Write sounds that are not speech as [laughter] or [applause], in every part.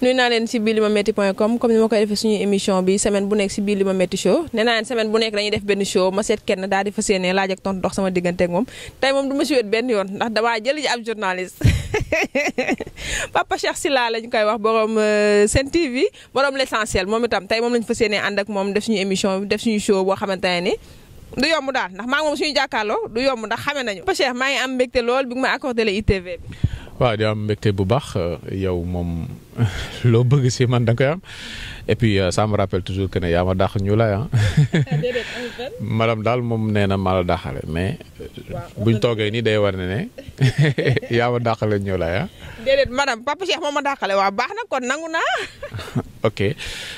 nuy naa leen si biir limametti point com comme ni ma koy defee suñu émission bi semaine bu nekk si biir limametti show nee naa leen semaine bu nekk dañuy def benn show ma seet kenn daal di fas yéene laaj ak tontu dox sama diggante ak moom tey moom du ma si [laughs] euh, itam tey moom lañ fas yéene ànd ak moom def suñu émission def suñu show boo xamante ne ni du yomb daal ndax maa ngi moom suñu jàkkaarloo du yomb ndax xame nañu maa ngi am mbégte lool bi nga ma accordé la ITV waa di am bu baax euh, yow moom [laughs] loo bëgg si man da nga koy am et puis euh, ça me toujours que ne yaa ma dàq ñu lay [laughs] daal moom nee na maa la dàqale mais. buñ toogee nii day war ne ne [laughs] yaa ma dàqale ñu lay ah. papa Cheikh moom ma dàqale waaw baax na kon nangu naa. ok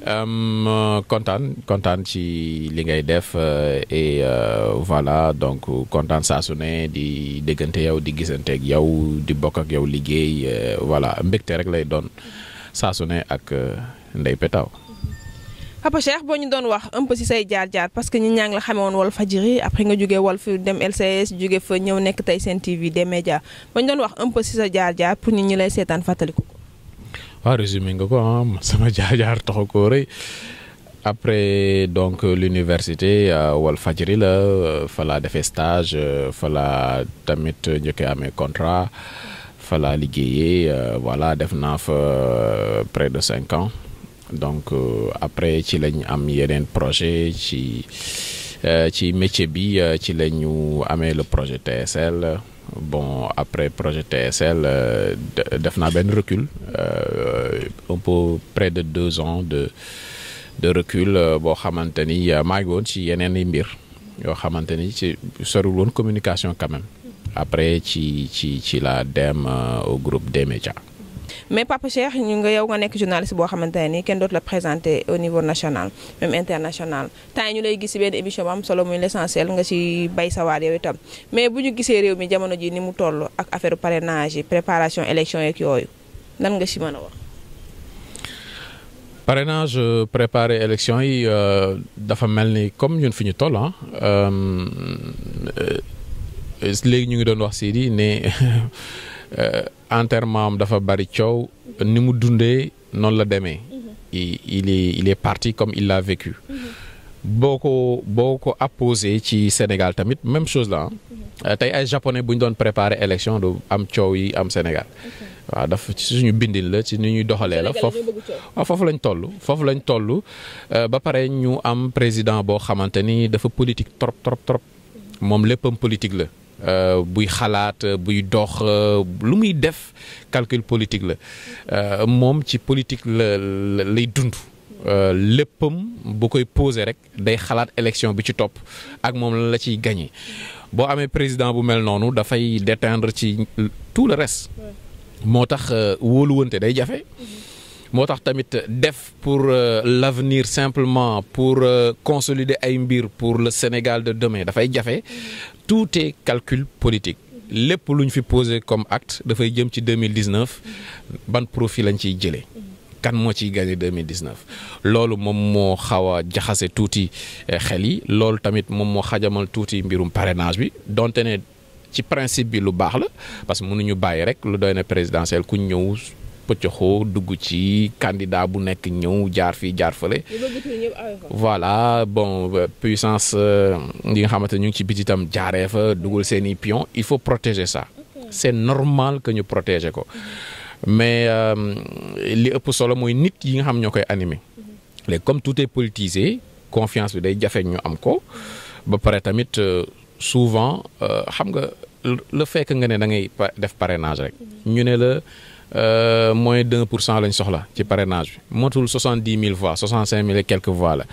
Euh, kontaan kontaan ci li ngay def euh, et euh, voilà donc kontaan saa su ne di déggante yow di gisante ak yow di bokk ak yow liggéey voilà mbégte rek lay doon saa su ak Ndeye Pétaw. Papa Cheikh boo ñu doon wax un peu ci say jaar-jaar parce que ñi ñaa ngi la xamee woon Walfadjri après nga jógee Walf dem LCS jóge fa ñëw nekk tey Sen TV de médias boo ñu doon wax un peu ci sa jaar-jaar pour ñi ñu lay seetaan fàttaliku ko. waaw ah, résumé nga ko ah [laughs] sama jaar-jaar taxu après donc l'université euh, Walfadjri la euh, fa laa defee stage euh, fa laa tamit njëkkee amé contrat fa laa liggéeyee voilà def naa fa près de 5 ans donc après ci lañ am yeneen projet ci ci métier bi ci lañu amé le projet TSL bon après projet TSL euh, def ben recul euh, un peu près de deux ans de de recul euh, bo xamante ni maa ci yenen mbir yo xamante ci sorul communication quand même après ci ci ci la dem au groupe des médias mais Papa Cheikh ñu nga yow nga nekk journaliste boo xamante ne nii kenn dootu la présenté au niveau national même international temps ñu lay gis si benn émission bu am solo muy l'essentiel nga si bay sa waat yow itam mais bu ñu gisee réew mi jamono ji ni mu toll ak affaire parrainage préparation élection yeeg yooyu nan nga si mën a wax. parrainage euh, préparé élection yi euh, dafa mel ni comme ñun fi ñu toll ah léegi ñu ngi doon wax si di ne. [laughs] Euh, en termes dafa bari ne ni mu mhm. il est il est parti comme il l'a vécu. Beaucoup mhm. beaucoup apposé au Sénégal même chose là. Hein. Mhm. Euh, japonais préparer élection du am am Sénégal. waaw dafa faut suñu la ci euh, am président politique trop trop trop politique euh, buy xalaat euh, buy dox euh, lu muy def calcul politique la moom ci politique la lay dund léppam bu koy poser rek day xalaat élection bi ci topp ak moom la ciy gagné boo amee président bu mel noonu dafay déteindre ci tout le reste moo tax wóoluwante day jafe mm-hmm. moo tax tamit def pour l'avenir simplement pour consolider ay mbir pour le Sénégal de demain dafay jafe mm-hmm tout est calcul politique Les poules nous fi posé comme acte de 2019 ban profil lañ été quand kan gagné 2019 loolu mom mo xawa a touti eh, xel tamit mom mo xajamal touti mbirum parrainage bi dont ci principe bi lu bax la parce que ñu présidentiel pëccoxoo dugg ci candidat bu nekk ñëw jaar fii jaar fële. voilà bon euh, puissance euh, yi nga xamante ñu ngi ci biti tam jaaree fa mm-hmm. dugul seen i pion il faut protéger ça. c'est normal que ñu protéger ko. mais euh, li ëpp solo mooy nit yi nga xam ñoo koy animer. léegi mm-hmm. comme tout est politisé confiance bi day jafe ñu am ko ba pare tamit souvent xam nga le que nga ne da ngay def parrainage rek mm-hmm. ñu ne la. Euh, moins d'un pour cent lañ soxla ci parrainage bi motul soixante dix mille voix soixante cinq mille et quelques voix la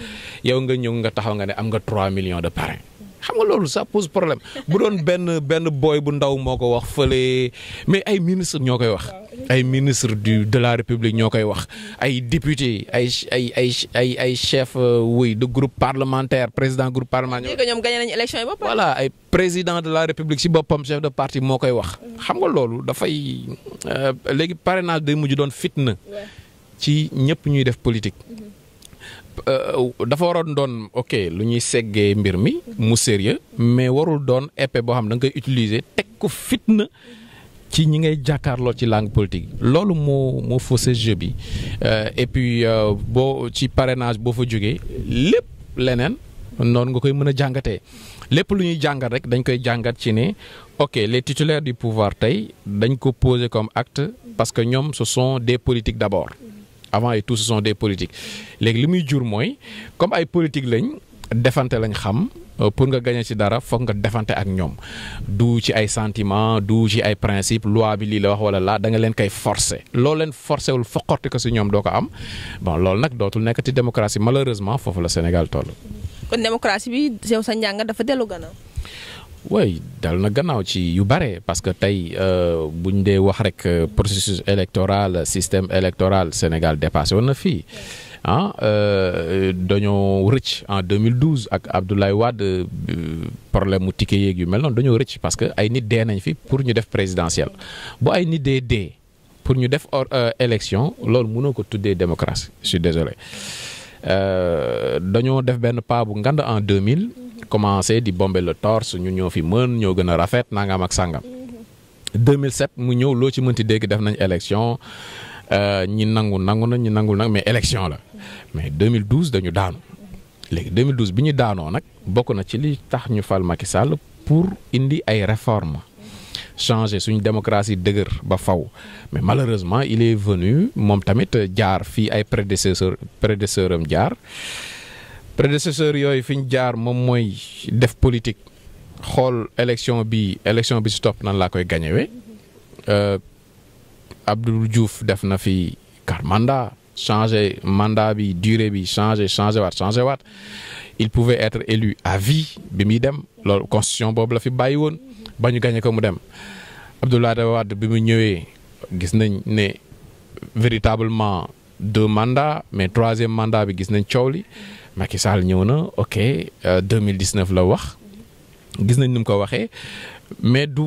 yow nga ñëw nga taxaw nga ne am nga trois millions de parrains. xam nga loolu ça pose problème bu doon benn benn booy bu ndaw moo ko wax fële mais ay ministre ñoo koy wax ay ministre du de la république ñoo koy wax ay député ay ay ay ay ay chef wuy euh, de groupe parlementaire président groupe parlementaire. ñoom gagné nañu élection voilà ay président de la république si boppam chef de parti moo koy wax. xam nga loolu dafay euh, léegi parrainage day mujj doon fitna. ci ñëpp ñuy def politique. Mm-hmm. Euh, euh, dafa waroon doon ok lu ñuy seggee mbir mi mu sérieux mais warul doon épée boo xam ne da nga utiliser teg ko fitna ci ñi ngay jàkkaarloo ci langue politique loolu moo moo fausse jeu bi euh, et puis boo ci parrainage boo fa jógee lépp leneen noonu nga koy mën a jàngatee lépp lu ñuy jàngat rek dañ koy ci ok les titulaires du pouvoir tey dañ ko poser comme acte parce que ñoom ce sont des politiques d'abord avant et tout ce sont des léegi li muy jur mooy comme ay politique lañ defante lañ xam euh, pour nga gagné ci dara foog nga defante ak ñoom du ci ay santiment du ci ay principe loi bi lii la wax wala laa danga leen koy forcer loolu leen forcé wul foqorti ko si ñoom doo ko am bon loolu nag dootul nekk ci démocratie malheureusement foofu la Sénégal toll. kon démocratie bi yow sa njàng dafa dellu gannaaw Oui, dal na gannaaw ci yu bare parce que euh buñ dé wax rek euh, processus électoral système électoral Sénégal dépassé on fi fii ah, On euh, daño rëcc en 2012 ak Abdoulaye Wade euh, problème ticket yeeg yu mel non daño rëcc parce que ay nit dé nañ fi pour ñu def présidentiel bu ay nit dé dé pour ñu def élection lool mëno ko est démocratie je suis désolé On def ben pas bu ngand en 2000 commencé di bomber le torse ñun ñoo fi mën ñoo gën rafet nangam ak sangam. 2007 mhm. mu ñew lo ci mënti dégg def nañ élection euh, ñi nangu nangu na ñi nangul nak mais élection la mais 2012 dañu daanu légui 2012 bi ñu daanoo nag bokk na ci li tax ñu fal Macky Sall pour indi ay réformes changer suñu démocratie dëgër ba faw mais malheureusement il est venu mom tamit jaar fi ay prédécesseur prédécesseur jaar prédécesseurs yooyu fiñ jaar moom mooy def politique xool élection bi élection bi si topp nan laa koy euh, Abdou Diouf def na fi car mandat changé mandat bi durée bi changé changé waat changé waat il pouvait être élu à vie bi muy dem loolu constitution boobu la fi bàyyi woon ba ñu ko mu dem Abdoulaye Wade bi mu ñëwee gis nañ ne véritablement deux mandats mais troisième mandat bi gis nañ coow li Macky Sall ñëw na ok 2019 euh, la wax gis nañ ni mu ko waxee mais du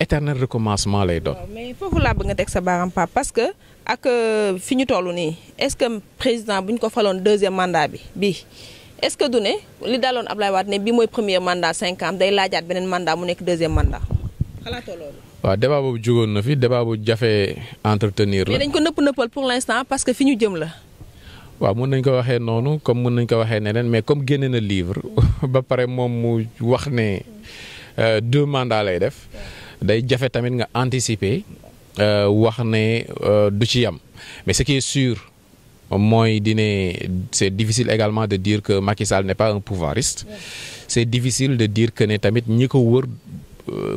éternel recommencement lay doon. mais foofu laa bëgg nga teg sa baaraam Pape parce que ak euh, fi ñu toll nii est-ce que président bu ñu ko faloon deuxième mandat bi bii. est-ce que du ne li daaloon Ablaye Wade ne bii mooy premier mandat cinq ans day laajaat beneen mandat mu nekk deuxième mandat xalaatoo loolu. waaw débat boobu jugoon na fi débat bu jafe entretenir la. mais dañ ko nëpp nëppal pour l'instant parce que fi ñu jëm la waaw mën nañ ko waxee noonu comme mën nañ ko waxee neneen mais comme génne na livre ba pare moom mu wax ne deux mandats lay def day jafe tamit nga anticiper wax ne du ci yam mais ce qui est sûr mooy dine c'est difficile également de dire que Macky Sall n'est pas un pouvoiriste c'est difficile de dire que ne tamit ñi ko wër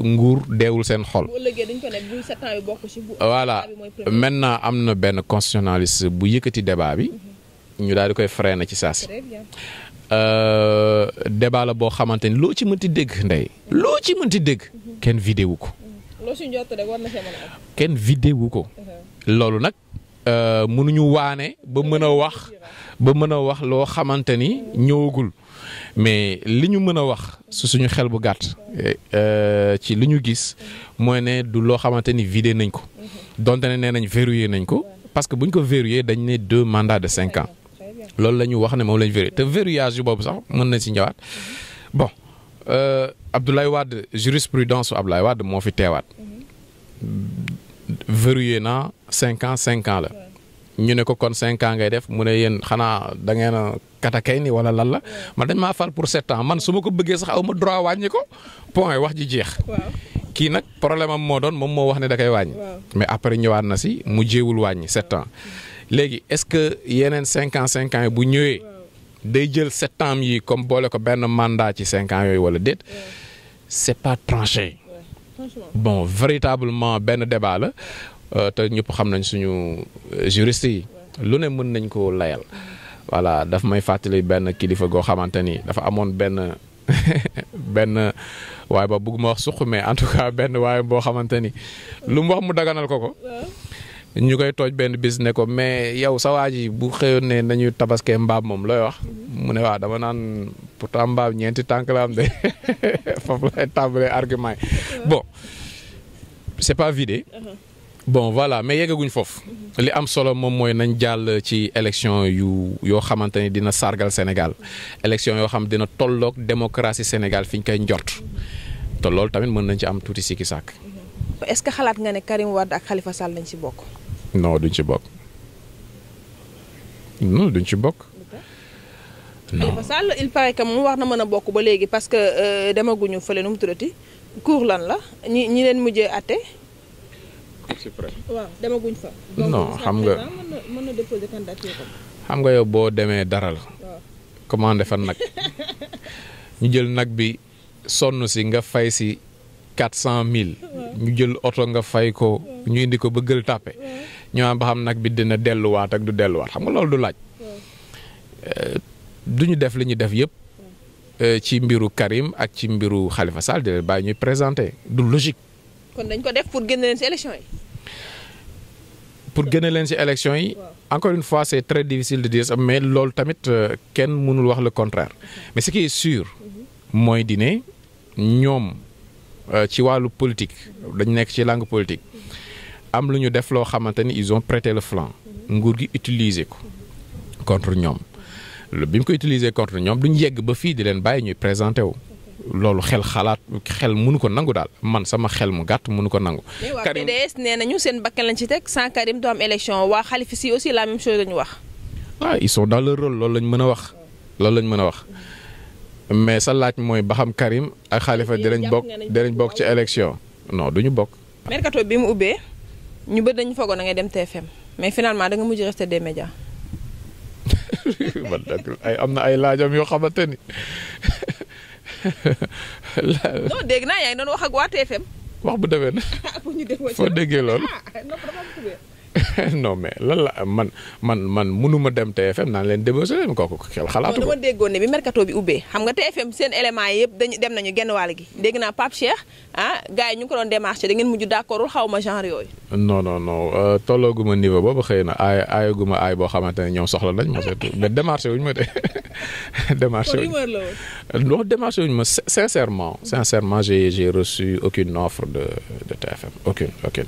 nguur deewul seen xol. voilà maintenant am na benn constitutionnaliste bu yëkkati débat bi. ñu daal di koy na ci saa si. Euh, débat boo xamante ni loo ci mënti dégg ndey. loo ci mënti dégg. Mm-hmm. kenn vidéo ko. Mm-hmm. loo si njort ko. Uh-huh. loolu nag euh, mënuñu waane ba mën a wax ba mën a wax loo xamante ni ñëwagul mais li ñu mën a wax su suñu xel bu gàtt. Euh, ci li ñu gis mooy ne du loo xamante ni vidé nañ ko. Mm-hmm. donte ne nee nañ verrouillé nañ ko parce que buñ ko verrouillé dañ ne deux mandats de cinq ans. loolu lañu wax né moom lañu vérité vérifié te verrouillage boobu sax mën na ci ñëwaat bon euh Abdoulaye wad jurisprudence su Abdoulaye Wade moo fi téwaat verrouillé na 5 ans 5 ans la ñu ne ko kon 5 ans ngay def mu ne yeen xana da ngeen kata kay ni wala lan la ma dañ ma far pour 7 ans man suma ko bëggee sax aw droit wañi ko point wax ji jeex. ki nak problème am mo doon mom mo wax ne da kay wañi mais après ñëwaat na ci mu jéewul wañi 7 ans. est-ce que yenen 5 ans 5 ans bu ans comme y ko un mandat ci 5 ans c'est pas tranché bon véritablement ben débat la euh, te ñëpp xam nañ suñu euh, juriste lu ne mën nañ ko layal voilà daf may fatalé ben kilifa go dafa amone ne ben [laughs] way ba bëgguma wax mais en tout cas lu ñu koy tooj benn mais yow sa bu xëyoon ne nañu des mbaam moom loy wax mu ne dama naan pourtant mbaam ñeenti tànk la am de [laughs] foofu lay tàmbalee argument bon c'est pas vidé. Uh-huh. bon voilà mais yeggaguñ foofu uh-huh. li am solo moom mooy nañ jàll ci élection yu yoo xamante dina sargal Sénégal élection yoo xam dina tolloog démocratie Sénégal fi koy njort te loolu tamit mën nañ ci am tuuti sikki uh-huh. est-ce que xalaat nga ne Karim Wade ak Khalifa Sall lañ ci bokk. non duñ ci bokk. non duñ ci bokk. non Sall il paraît que moom war na mën a bokk ba léegi parce que euh, demaguñu fële nu mu tuddati cour lan la ñi ñi leen mujjee àtte. waaw demaguñ fa. xam nga mën xam nga yow boo demee dara la. commandé fa nag [laughs] ñu jël nag bi sonn si nga fay si quatre cent mille. ñu jël oto nga fay ko ñu indi ko ba gël tàppe. ñu am ba xam nag bi dina delluwaat ak du delluwaat xam nga loolu du laaj. Euh, du ñu def li ñu def yëpp. Euh, ci mbiru Karim ak ci mbiru Khalifa Sall di leen bàyyi ñuy présenté du logique. kon dañ ko def pour génne leen ci élection yi. pour génne leen ci élection yi. encore une fois c'est très difficile de dire mais loolu tamit euh, kenn mënul wax le contraire mais ce qui est sûr. Mhm. mooy di ne ñoom ci wàllu politique mhm. dañ nekk ci langue politique. Mhm am luñu def lo xamanteni ils ont prêté le flanc nguur gi utiliser ko contre ñom le bim ko utiliser contre ñom duñ yegg ba fi di len bàyyi ñuy présenter wu. lolu xel xalat xel mënu ko nangu dal? man sama xel mu gatt mënu ko nangu. Karim PDS nenañu nañu seen lañ ci tek sans Karim do am élection wa Khalifa Sy aussi la même chose lañu wax. wa ah, ils sont dans leur rôle lolu lañ mëna wax lolu lañ mëna wax mais sa laaj mooy ba xam Karim ak Khalifa dinañ bokk dinañ bokk ci élection non duñu bokk. mercato bi mu ubbee. ñu bëri dañu foogoon da ngay dem TFM mais finalement da nga mujj rester des médias. [laughs] man ay am na ay laajam yoo xamante ni. [laughs] non dégg naa yaa ngi doon wax ak waa TFM. wax bu demee nag. [laughs] foo déggee loolu. Ah, [laughs] non mais lan la man man man mënuma dem TFM naan leen débauché leen kooku xel xalaatu ko. dama déggoon ne bi mercato bi ubbee xam nga TFM seen éléments yi yëpp dañu dem nañu genn wàll gi dégg naa Pape Cheikh ah gars yi ñu ngi ko doon démarché da ngeen mujj d'accordul xaw ma genre yooyu. non non non euh, tollooguma niveau boobu xëy na aay aayaguma aay boo xamante ne ñoom soxla nañ ma surtout mais démarché wuñ ma de. [laughs] démarché wuñ ma non démarché wuñ ma sincèrement. sincèrement j'ai j'ai reçu aucune offre de de TFM aucune aucune.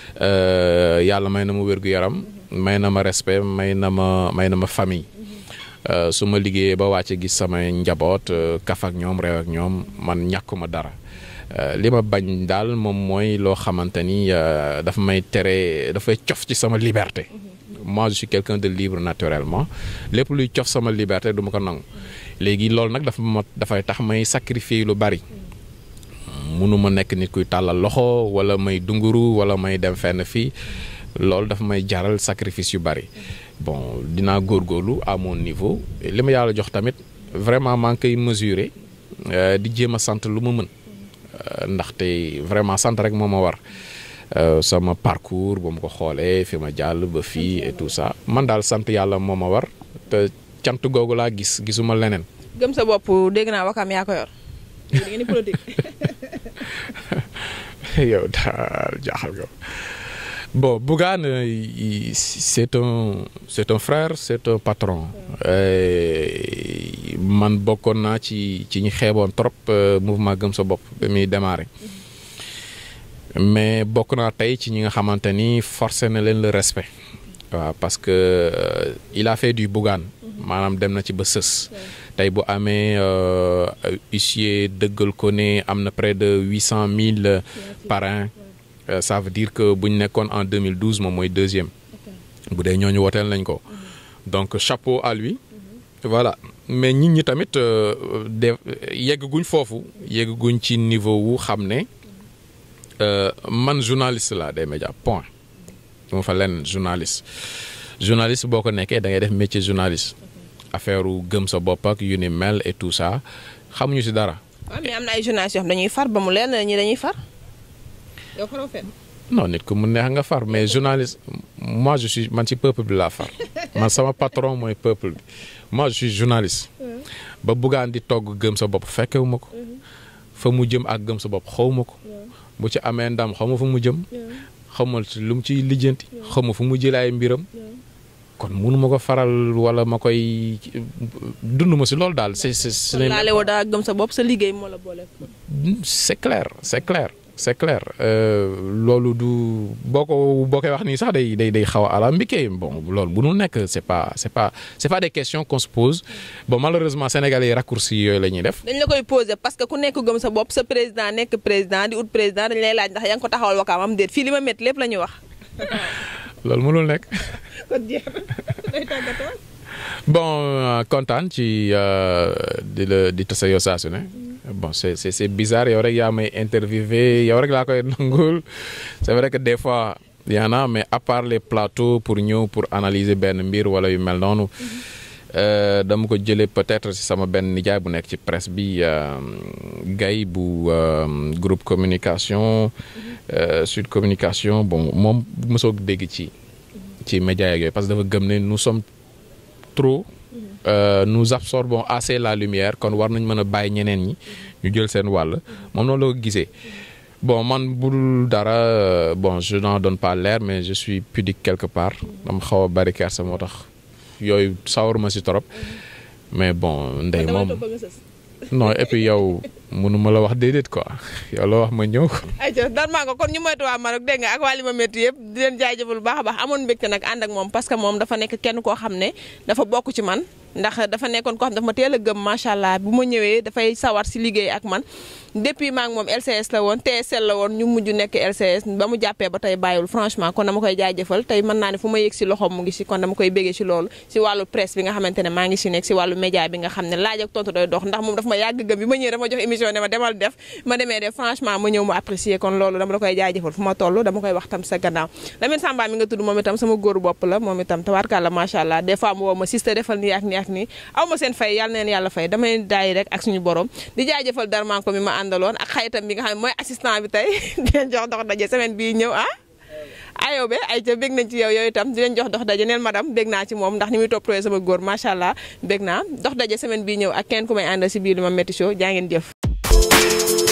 Euh, yàlla may na ma wérgu yaram may na ma respect may na ma may na ma famille euh, su ma liggéeyee ba wàcce gis samay njaboot euh, kaf ak ñoom réew ak ñoom man ñàkkuma dara li ma bañ daal moom mooy loo xamante ni dafa may tere dafay cof ci sama liberté moi je quelqu'un de libre naturellement lépp luy cof sama liberté du ma ko nangu léegi loolu nag dafa ma dafay tax may sacrifier lu bari mënuma nek nit kuy talal loxo wala may dunguru wala may dem fenn fi lol daf may jaral sacrifice yu bari bon dinaa góorgóorlu à mon niveau li ma yàlla jox tamit vraiment maa ngi koy euh, di jema sante luma lu ndax mën euh, vraiment sante rek moma war euh sama parcours bam ko xolé fi ma jall ba fi et tout ça man dal sante yalla moma war te la gis gisuma lenen gem sa bop dégg Wakam ya ko yor. da politique. [laughs] bon Bougane eh, c'est un c'est un frère c'est un patron. Eh, man bokkoon naa ci ci ñu xeeboon trop eh, mouvement gam sa bopp ba démarrer. mais bokk naa tey ci ñi nga xamante ni na le respect. parce que il a fait du Bougane. Mm-hmm. maanaam dem na ci ba tay bu amee euh, huissier près de 800 000 parrains euh, ça veut dire que en 2012 moom moy deuxième bu mhm. donc chapeau à lui mhm. voilà mais euh, ci niveau wu xamné mhm. man journaliste la des point journaliste journaliste boko da affaire gëm sa bopp ak yu ni mel et tout ça xamuñu si dara. waaw ah, mais am na ay journalistes yoo xam dañuy far ba mu leen ñi dañuy far. yow faroo fenn. non nit ku mu neex nga far mais journaliste moi je suis man ci peuple bi laa sama patron mooy peuple bi moi mm. ba buggaan di togg gëm sa bopp fekkewu ma ko. Mm-hmm. fa mu jëm ak gëm sa bopp xawuma ko. bu ci amee ndam xaw ma fa mu jëm. xaw ma lu mu ciy lijjanti. xaw ma fu mu jëlee mbiram. kon mënu ma ko faral wala ma koy dund ma si loolu daal. c'est c'est c'est daa gëm sa bopp sa liggéey moo la boole. c'est clair c'est clair c'est clair euh, loolu du boo ko boo koy wax nii sax day day day xaw a alambiqué bon loolu bu nu nekk c'est pas c'est pas c'est pas des questions qu'on se pose bon malheureusement sénégalais yi raccourci yooyu la ñuy def. dañ la koy poser parce que ku nekk gëm sa bopp sa président nekk président di ut président dañ lay laaj ndax yaa ngi ko taxawal wakaamam déet fii li ma métti lépp la ñuy wax. [laughs] loolu mënul nekk. [laughs] kon jeex na [laughs] bon euh, kontaan ci euh, di la di tase yow saa su ne. Mm-hmm. bon c' est c' est bizarre yow rek yaa may interviewé yow rek laa koy [laughs] nangul c' est vrai que des fois y en a mais à part les plateaux pour nous, pour analyser Ben mbir wala yu mel mm-hmm. Euh, dama ko jëlee peut-être si sama benn nijaay bu nekk ci presse bi euh, Gaye bu euh, groupe communication Sud communication bon moom mosoo dégg ci ci médias yooyu parce que dafa gëm ne nous sommes trop nous absorbons assez la lumière kon war nañ mën a bàyyi ñeneen ñi ñu jël seen wàll moom noonu la ko gisee bon man budul dara bon je n'en donne pas l'air mais je suis pudique quelque part dama xaw a bari kersa moo tax. yooyu sawaruma si torop mm-hmm. mais bon ndey moom non et puis yow mënuma la wax déedéet ko yow la wax ma ñëw. ayca daan maa ko kon ñu moytu waa Maroc dégg nga ak waa Limametti yëpp di leen jaajëfal bu baax a baax amoon mbégte nag ànd ak moom parce que moom dafa nekk kenn koo xam ne dafa bokk ci man. ndax dafa nekkoon koo xam dafa ma teel gëm macha allah bu ma ñëwee dafay sawar si liggéey ak man depuis maa ngi moom LCS ñu mujj nekk LCS ba mu jàppee ba tey bàyyiwul franchement kon dama koy jaajëfal naa ne fu ma yëg mu ngi si kon dama koy béggee si loolu si wàllu presse bi nga xamante ne maa ngi si nekk si wàllu média bi nga laaj ak tontu doy dox ndax moom dafa loolu dama la koy ma toll dama wax tam sa gannaaw Lamine Samba mi nga tudd moom itam sama góor bopp la moom itam tabarkàlla macha allah des fois ma sister defal ni ak ni ak nii aw ma seen fay yàlla neen yàlla fay damay daay rek ak suñu borom di jaajëfal darman ko mi ma àndaloon ak xayitam bi nga xam ne mooy assistant bi tey [laughs] di jox dox daje semaine bii ñëw a ah. ayow be ay ca bég nañ ci yow yow itam di leen jox dox daje neen madame bég naa ci moom ndax ni muy toppatoo sama góor macha allah bég naa dox daje semaine bii ñëw ak kenn ku may àndal si biir Limametti Show jaa ngeen jëf